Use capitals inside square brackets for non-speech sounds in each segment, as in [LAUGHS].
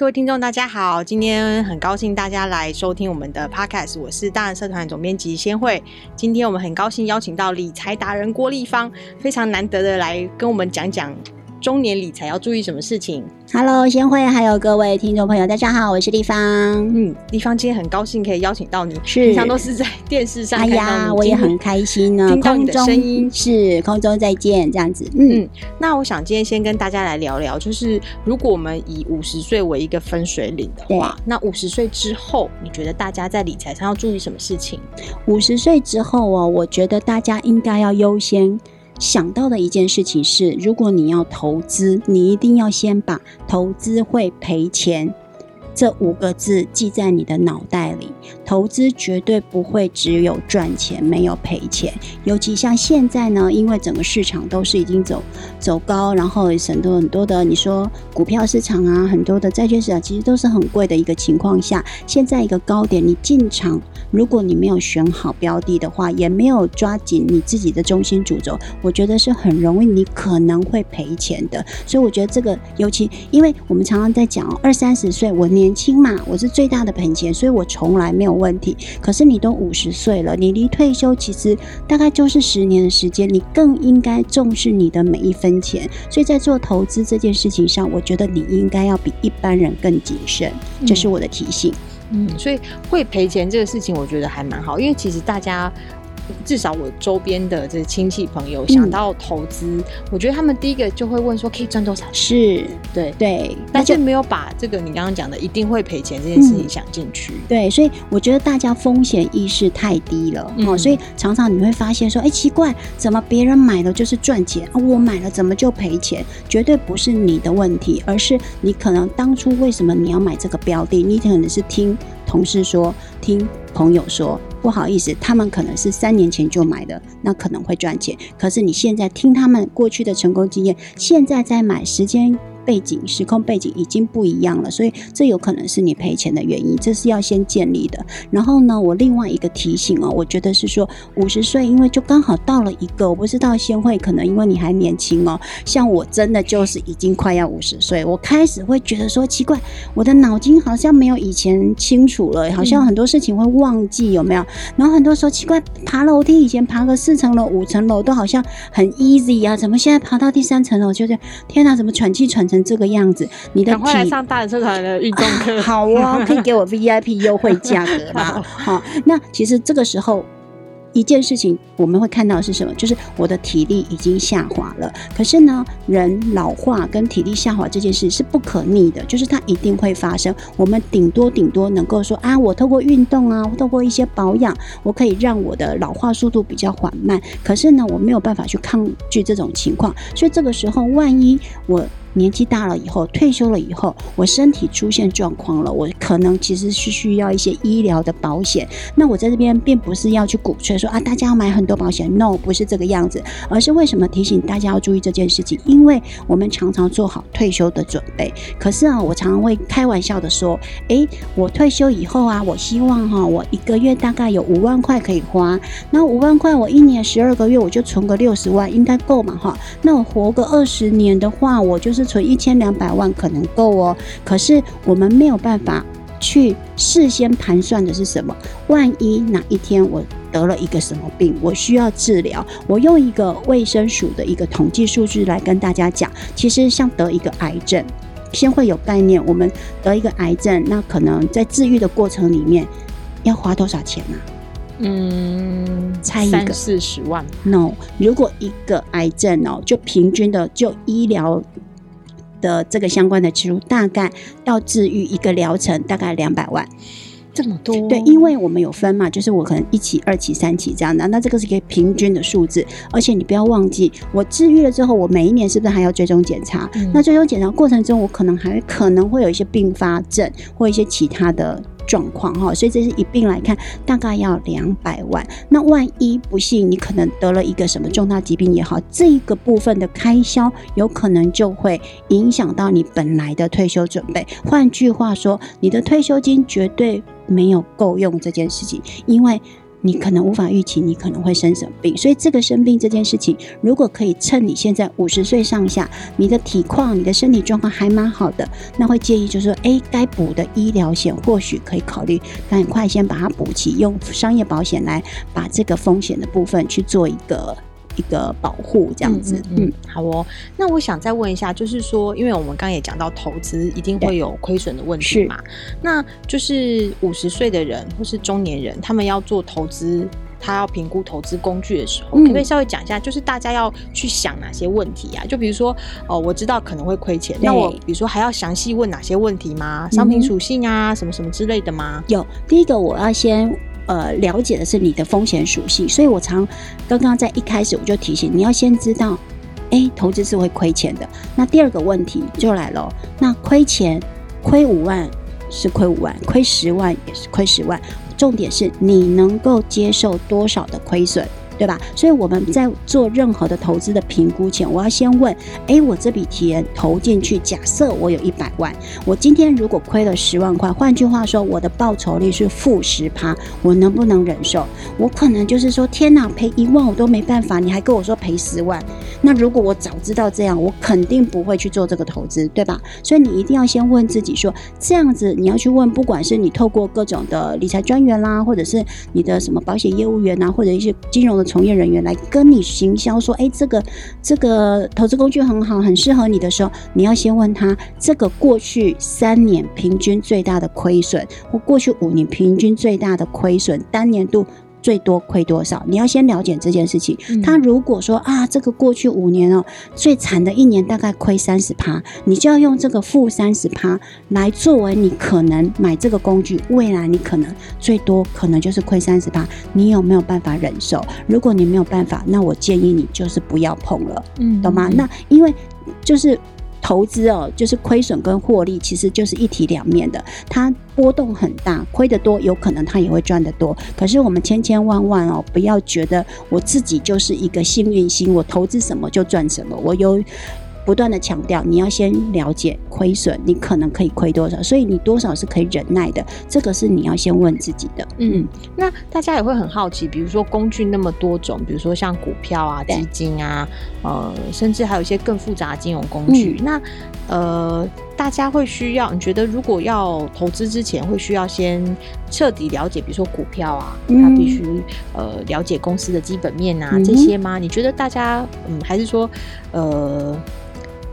各位聽眾，大家好！今天很高興大家來收聽我們的 podcast，我是大人社團總編輯先蕙。今天我們很高興邀請到理財達人郭莉芳，非常難得的來跟我們講講。中年理財要注意什麼事情？Hello，先蕙，還有各位聽眾朋友，大家好，我是莉芳。嗯，莉芳今天很高興可以邀請到你。是，平常都是在電視上。哎呀，我也很開心呢，啊，聽到你的聲音空，是空中再見，這樣子嗯。嗯，那我想今天先跟大家來聊聊，就是如果我們以五十歲為一個分水嶺的話，那五十歲之後，你覺得大家在理財上要注意什麼事情？五十歲之後哦，我覺得大家應該要優先想到的一件事情是，如果你要投資，你一定要先把“投資會賠錢”這五個字記在你的腦袋裡。投資絕對不會只有賺錢沒有賠錢，尤其像現在呢，因為整個市場都是已經走走高，然後升得很多的。你說股票市場啊，很多的債券市場其實都是很貴的一個情況下，現在一個高點，你進場，如果你沒有選好標的的話，也沒有抓緊你自己的中心主軸，我覺得是很容易你可能會賠錢的。所以我覺得這個尤其，因為我們常常在講哦，二三十歲我年輕嘛，我是最大的本錢，所以我從來沒有。問題，可是你都五十歲了，你離退休其實大概就是十年的時間，你更應該重視你的每一分錢。所以在做投資這件事情上，我覺得你應該要比一般人更謹慎。這是我的提醒。嗯，嗯，所以會賠錢這個事情，我覺得還蠻好，因為其實大家。至少我周邊的這親戚朋友想到投資、嗯，我覺得他們第一個就會問說，可以賺多少錢？是對對，但卻沒有把這個你剛剛講的一定會賠錢這件事情想進去、嗯。對，所以我覺得大家風險意識太低了。嗯、哦，所以常常你會發現說，誒、欸，奇怪，怎麼別人買了就是賺錢、啊，我買了怎麼就賠錢？絕對不是你的問題，而是你可能當初為什麼你要買這個標的，你可能是聽。同事說，聽朋友說，不好意思，他們可能是三年前就買的，那可能會賺錢。可是你現在聽他們過去的成功經驗，現在再買，時間。背景時空背景已經不一樣了，所以這有可能是你賠錢的原因。這是要先建立的。然後呢，我另外一個提醒哦，我覺得是說五十歲，因為就剛好到了一個，我不知道先蕙，可能因為你還年輕哦，像我真的就是已經快要五十歲，我開始會覺得說奇怪，我的腦筋好像沒有以前清楚了，好像很多事情會忘記、嗯、有沒有。然後很多時候奇怪，爬樓梯以前爬個四層樓、五層樓都好像很 easy 啊，怎麼現在爬到第三層樓就是天哪、啊，怎麼喘氣喘？成這個樣子，你的體快來上大人社團的運動課、啊，好哇、哦，可以給我 V I P 優惠價格 [LAUGHS] 好,好，那其實這個時候一件事情我們會看到是什麼？就是我的體力已經下滑了。可是呢，人老化跟體力下滑這件事是不可逆的，就是它一定會發生。我們頂多頂多能夠說啊，我透過運動啊，我透過一些保養，我可以讓我的老化速度比較緩慢。可是呢，我沒有辦法去抗拒這種情況，所以這個時候萬一我。年紀大了以後，退休了以後，我身體出現狀況了，我可能其實是需要一些醫療的保險。那我在這邊並不是要去鼓吹說啊，大家要買很多保險，no，不是這個樣子。而是為什麼提醒大家要注意這件事情？因為我們常常做好退休的準備。可是啊，我常常會開玩笑的說，誒，我退休以後啊，我希望哈、啊，我一個月大概有五萬塊可以花。那五萬塊，我一年十二個月，我就存個六十萬，應該夠嘛哈？那我活個二十年的話，我就是。存一千兩百萬可能夠哦，可是我們沒有辦法去事先盤算的是什麼？萬一哪一天我得了一個什麼病，我需要治療，我用一個衛生署的一個統計數據來跟大家講，其實像得一個癌症，先會有概念。我們得一個癌症，那可能在治癒的過程裡面要花多少錢呢？嗯，差一個三四十萬？No，如果一個癌症哦，就平均的就醫療。的這個相關的支出大概到治癒一個療程大概兩百萬，這麼多？對，因為我們有分嘛，就是我可能一期、二期、三期這樣的。那這個是一個平均的數字，而且你不要忘記，我治癒了之後，我每一年是不是還要追蹤檢查？那追蹤檢查過程中，我可能還可能會有一些併發症或一些其他的。狀況哈，所以這是一併來看，大概要兩百萬。那萬一不幸你可能得了一個什麼重大疾病也好，這一個部分的開銷有可能就會影響到你本來的退休準備。換句話說，你的退休金絕對沒有夠用這件事情，因為。你可能無法預期，你可能會生什麼病，所以這個生病這件事情，如果可以趁你現在五十歲上下，你的體況、你的身體狀況還蠻好的，那會建議就是說，哎，該補的醫療險或許可以考慮，趕快先把它補齊，用商業保險來把這個風險的部分去做一個。一個保護這樣子，嗯,嗯,嗯，好哦。那我想再問一下，就是說，因為我們剛也講到投資一定會有虧損的問題嘛，那就是五十歲的人或是中年人，他們要做投資，他要評估投資工具的時候，可、嗯、不可以不稍微講一下，就是大家要去想哪些問題啊？就比如說，哦、呃，我知道可能會虧錢，那我比如說還要詳細問哪些問題嗎？商品屬性啊、嗯，什麼什麼之類的嗎？有，第一個我要先。呃，了解的是你的風險屬性，所以我常剛剛在一開始我就提醒你要先知道，哎、欸，投資是會虧錢的。那第二個問題就來了，那虧錢，虧五萬是虧五萬，虧十萬也是虧十萬，重點是你能夠接受多少的虧損。對吧？所以我們在做任何的投資的評估前，我要先問：哎，我這筆錢投進去，假設我有一百萬，我今天如果虧了十萬塊，換句話說，我的報酬率是負十趴，我能不能忍受？我可能就是說，天哪，賠一萬我都沒辦法，你還跟我說賠十萬？那如果我早知道這樣，我肯定不會去做這個投資，對吧？所以你一定要先問自己說，這樣子你要去問，不管是你透過各種的理財專員啦，或者是你的什麼保險業務員啦，或者一些金融的。從業人員來跟你行銷說：“哎，這個這個投資工具很好，很適合你的時候，你要先問他，這個過去三年平均最大的虧損，或過去五年平均最大的虧損，單年度。”最多虧多少？你要先了解這件事情。他如果說啊，這個過去五年哦，最慘的一年大概虧三十趴，你就要用這個負三十趴來作為你可能買這個工具，未來你可能最多可能就是虧三十趴，你有沒有辦法忍受？如果你沒有辦法，那我建議你就是不要碰了，嗯，懂嗎？嗯，嗯嗯，那因為就是投資哦，就是虧損跟獲利其實就是一體兩面的，它。波動很大，虧得多，有可能他也會賺得多。可是我們千千萬萬哦、喔，不要覺得我自己就是一個幸運星，我投資什麼就賺什麼。我有不斷的強調，你要先了解虧損，你可能可以虧多少，所以你多少是可以忍耐的，這個是你要先問自己的。嗯，那大家也會很好奇，比如說工具那麼多種，比如說像股票啊、基金啊，呃，甚至還有一些更複雜的金融工具，嗯、那呃。大家會需要？你覺得如果要投資之前，會需要先徹底了解，比如說股票啊，他、嗯、必須呃了解公司的基本面啊、嗯、這些嗎？你覺得大家嗯，還是說呃，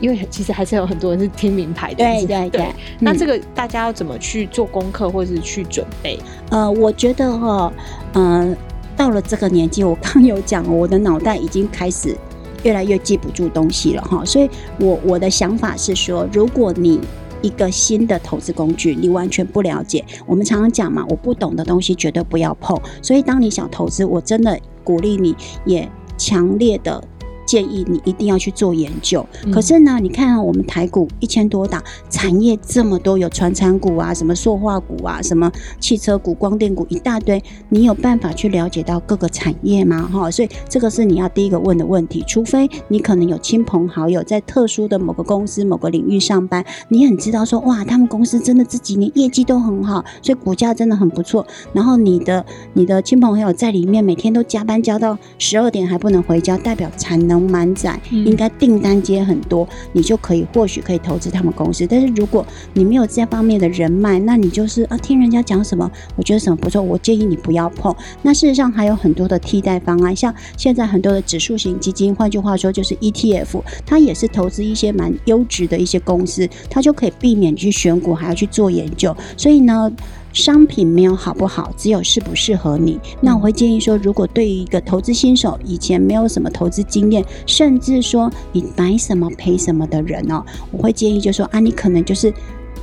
因為其實還是有很多人是聽名牌的對對對、嗯。那這個大家要怎麼去做功課，或是去準備？呃，我覺得哈，嗯、呃，到了這個年紀，我剛有講，我的腦袋已經開始。越來越記不住東西了哈，所以我我的想法是說，如果你一個新的投資工具，你完全不了解，我們常常講嘛，我不懂的東西絕對不要碰。所以，當你想投資，我真的鼓勵你，也強烈的。建議你一定要去做研究。可是呢，你看啊，我們台股一千多檔，產業這麼多，有傳產股啊，什麼塑化股啊，什麼汽車股、光電股一大堆，你有辦法去了解到各個產業嗎？哈，所以這個是你要第一個問的問題。除非你可能有親朋好友在特殊的某個公司、某個領域上班，你很知道說，哇，他們公司真的這幾年業績都很好，所以股價真的很不錯。然後你的你的親朋好友在裡面每天都加班加到十二點還不能回家，代表產能滿、嗯、載，應該訂單接很多，你就可以或許可以投資他們公司。但是如果你沒有這方面的人脈，那你就是啊，聽人家講什麼，我覺得什麼不錯，我建議你不要碰。那事實上還有很多的替代方案，像現在很多的指數型基金，換句話說就是 ETF，它也是投資一些蠻優質的一些公司，它就可以避免你去選股還要去做研究。所以呢。商品沒有好不好，只有適不適合你。那我會建議說，如果對於一個投資新手，以前沒有什麼投資經驗，甚至說你買什麼賠什麼的人哦，我會建議就說啊，你可能就是。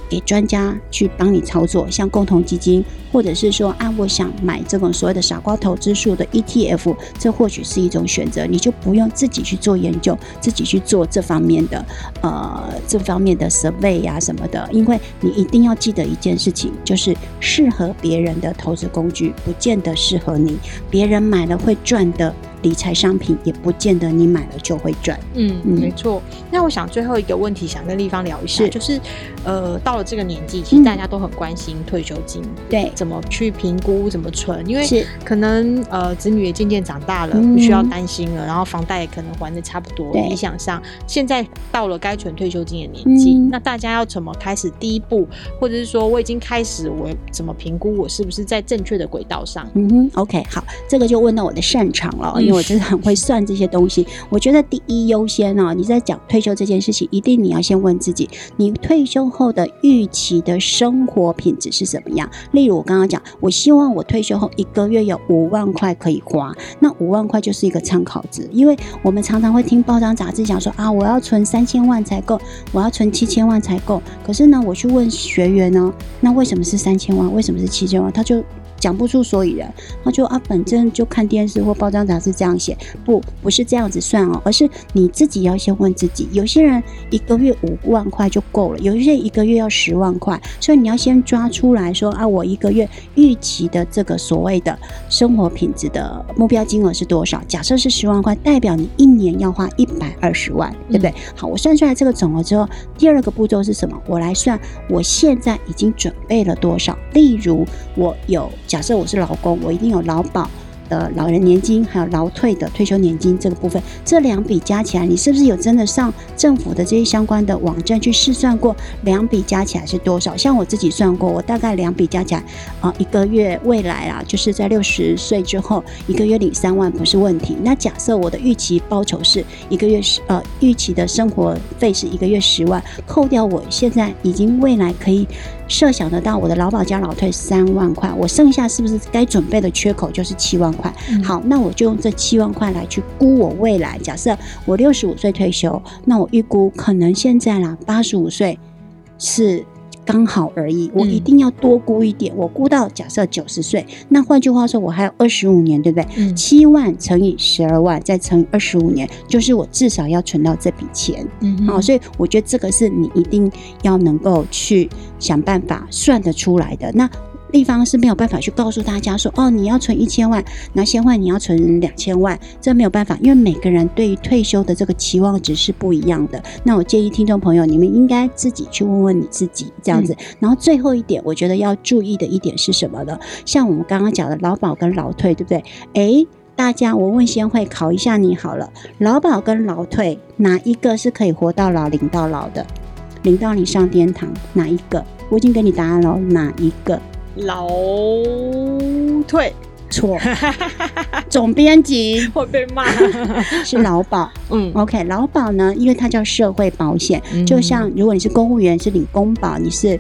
給專家去幫你操作，像共同基金，或者是說，啊，我想買這種所謂的傻瓜投資數的 ETF，這或許是一種選擇，你就不用自己去做研究，自己去做這方面的，呃，這方面的 survey 呀什麼的。因為你一定要記得一件事情，就是適合別人的投資工具，不見得適合你，別人買了會賺的。理財商品也不見得你買了就會賺、嗯。嗯，沒錯。那我想最後一個問題想跟莉芳聊一下，是就是呃，到了這個年紀，其實大家都很關心退休金，對、嗯，怎麼去評估，怎麼存？因為可能呃，子女也漸漸長大了，不需要擔心了，嗯、然後房貸也可能還得差不多。對理想上，現在到了該存退休金的年紀，嗯、那大家要怎麼開始第一步？或者是說我已經開始，我怎麼評估我是不是在正確的軌道上？嗯哼，OK，好，這個就問到我的擅長了，因為。我真的很會算這些東西。我覺得第一優先哦、喔，你在講退休這件事情，一定你要先問自己，你退休後的預期的生活品質是怎麼樣？例如我剛剛講，我希望我退休後一個月有五萬塊可以花，那五萬塊就是一個參考值。因為我們常常會聽報章雜誌講說啊，我要存三千萬才夠，我要存七千萬才夠。可是呢，我去問學員呢，那為什麼是三千萬？為什麼是七千萬？他就。講不出所以然，他就啊，反正就看電視或包裝雜誌這樣寫。不，不是這樣子算哦，而是你自己要先問自己，有些人一個月五萬塊就夠了，有些人一個月要十萬塊，所以你要先抓出來說啊，我一個月預期的這個所謂的生活品質的目標金額是多少？假設是十萬塊，代表你一年要花一百二十萬，嗯，對不對？好，我算出來這個總額之後，第二個步驟是什麼？我來算我現在已經準備了多少？例如我有。假設我是勞工，我一定有勞保的老人年金，還有勞退的退休年金這個部分，這兩筆加起來，你是不是有真的上政府的這些相關的網站去試算過？兩筆加起來是多少？像我自己算過，我大概兩筆加起來，啊、呃，一個月未來啊，就是在六十歲之後，一個月領三萬不是問題。那假設我的預期報酬是一個月呃，預期的生活費是一個月十萬，扣掉我現在已經未來可以。設想得到我的勞保加勞退三萬塊，我剩下是不是該準備的缺口就是七萬塊？嗯、好，那我就用這七萬塊來去估我未來。假設我六十五歲退休，那我預估可能現在啦八十五歲是。剛好而已，我一定要多估一點。我估到假設九十歲，那換句話說，我還有二十五年，對不對？七萬乘以十二萬，再乘以二十五年，就是我至少要存到這筆錢。嗯，好，所以我覺得這個是你一定要能夠去想辦法算得出來的。那地方是沒有辦法去告訴大家說哦，你要存一千萬，那先蕙，你要存兩千萬，這沒有辦法，因為每個人對於退休的這個期望值是不一樣的。那我建議聽眾朋友，你們應該自己去問問你自己，這樣子。嗯、然後最後一點，我覺得要注意的一點是什麼呢？像我們剛剛講的勞保跟勞退，對不對？誒、欸，大家，我問先蕙，考一下你好了，勞保跟勞退哪一個是可以活到老、領到老的，領到你上天堂？哪一個？我已經給你答案了，哪一個？勞退錯，總編輯會被罵罵。 [LAUGHS] 是勞保，嗯，OK，勞保呢，因為它叫社會保險，就像如果你是公務員，是領公保，你是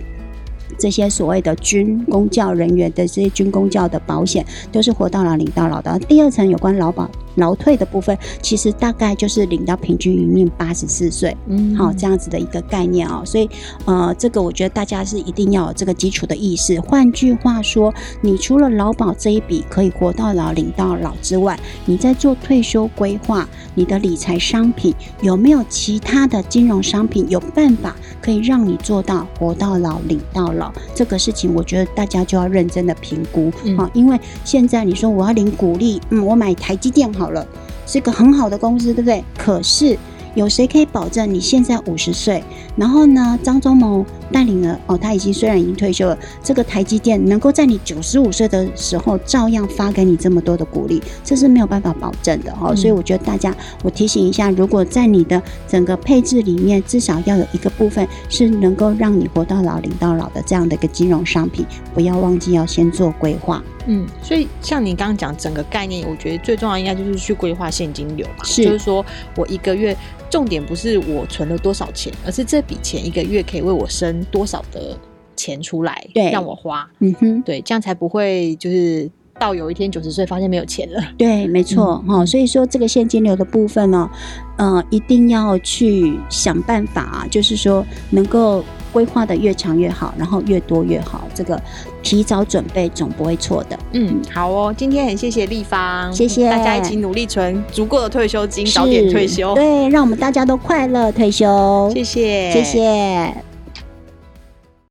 這些所謂的軍公教人員的這些軍公教的保險，都是活到老領到老的。第二層有關勞保。勞退的部分，其實大概就是領到平均壽命八十四歲，嗯，好，這樣子的一個概念哦。所以，呃，這個我覺得大家是一定要有這個基礎的意識。換句話說，你除了勞保這一筆可以活到老領到老之外，你在做退休規劃，你的理財商品有沒有其他的金融商品，有辦法可以讓你做到活到老領到老？這個事情，我覺得大家就要認真的評估，嗯，因為現在你說我要領股利，嗯，我買台積電好好了，是一個很好的公司，對不對？可是，有誰可以保證你現在五十歲，然後呢，張忠謀？帶領了哦，他已經雖然已經退休了，這個台積電能夠在你九十五歲的時候照樣發給你這麼多的股利，這是沒有辦法保證的哦。嗯，所以我覺得大家，我提醒一下，如果在你的整個配置裡面，至少要有一個部分是能夠讓你活到老領到老的這樣的一個金融商品，不要忘記要先做規劃。嗯，所以像你剛剛講整個概念，我覺得最重要的應該就是去規劃現金流嘛，是，就是說我一個月重點不是我存了多少錢，而是這筆錢一個月可以為我生。多少的錢出來，對，讓我花，嗯哼，對，這樣才不會就是到有一天九十歲發現沒有錢了，對，沒錯，哈、嗯哦，所以說這個現金流的部分呢、哦，嗯、呃，一定要去想辦法，就是說能夠規劃得越長越好，然後越多越好，這個提早準備總不會錯的嗯，嗯，好哦，今天很謝謝莉芳，謝謝大家一起努力存足夠的退休金，早點退休，對，讓我們大家都快樂退休，謝謝，謝謝。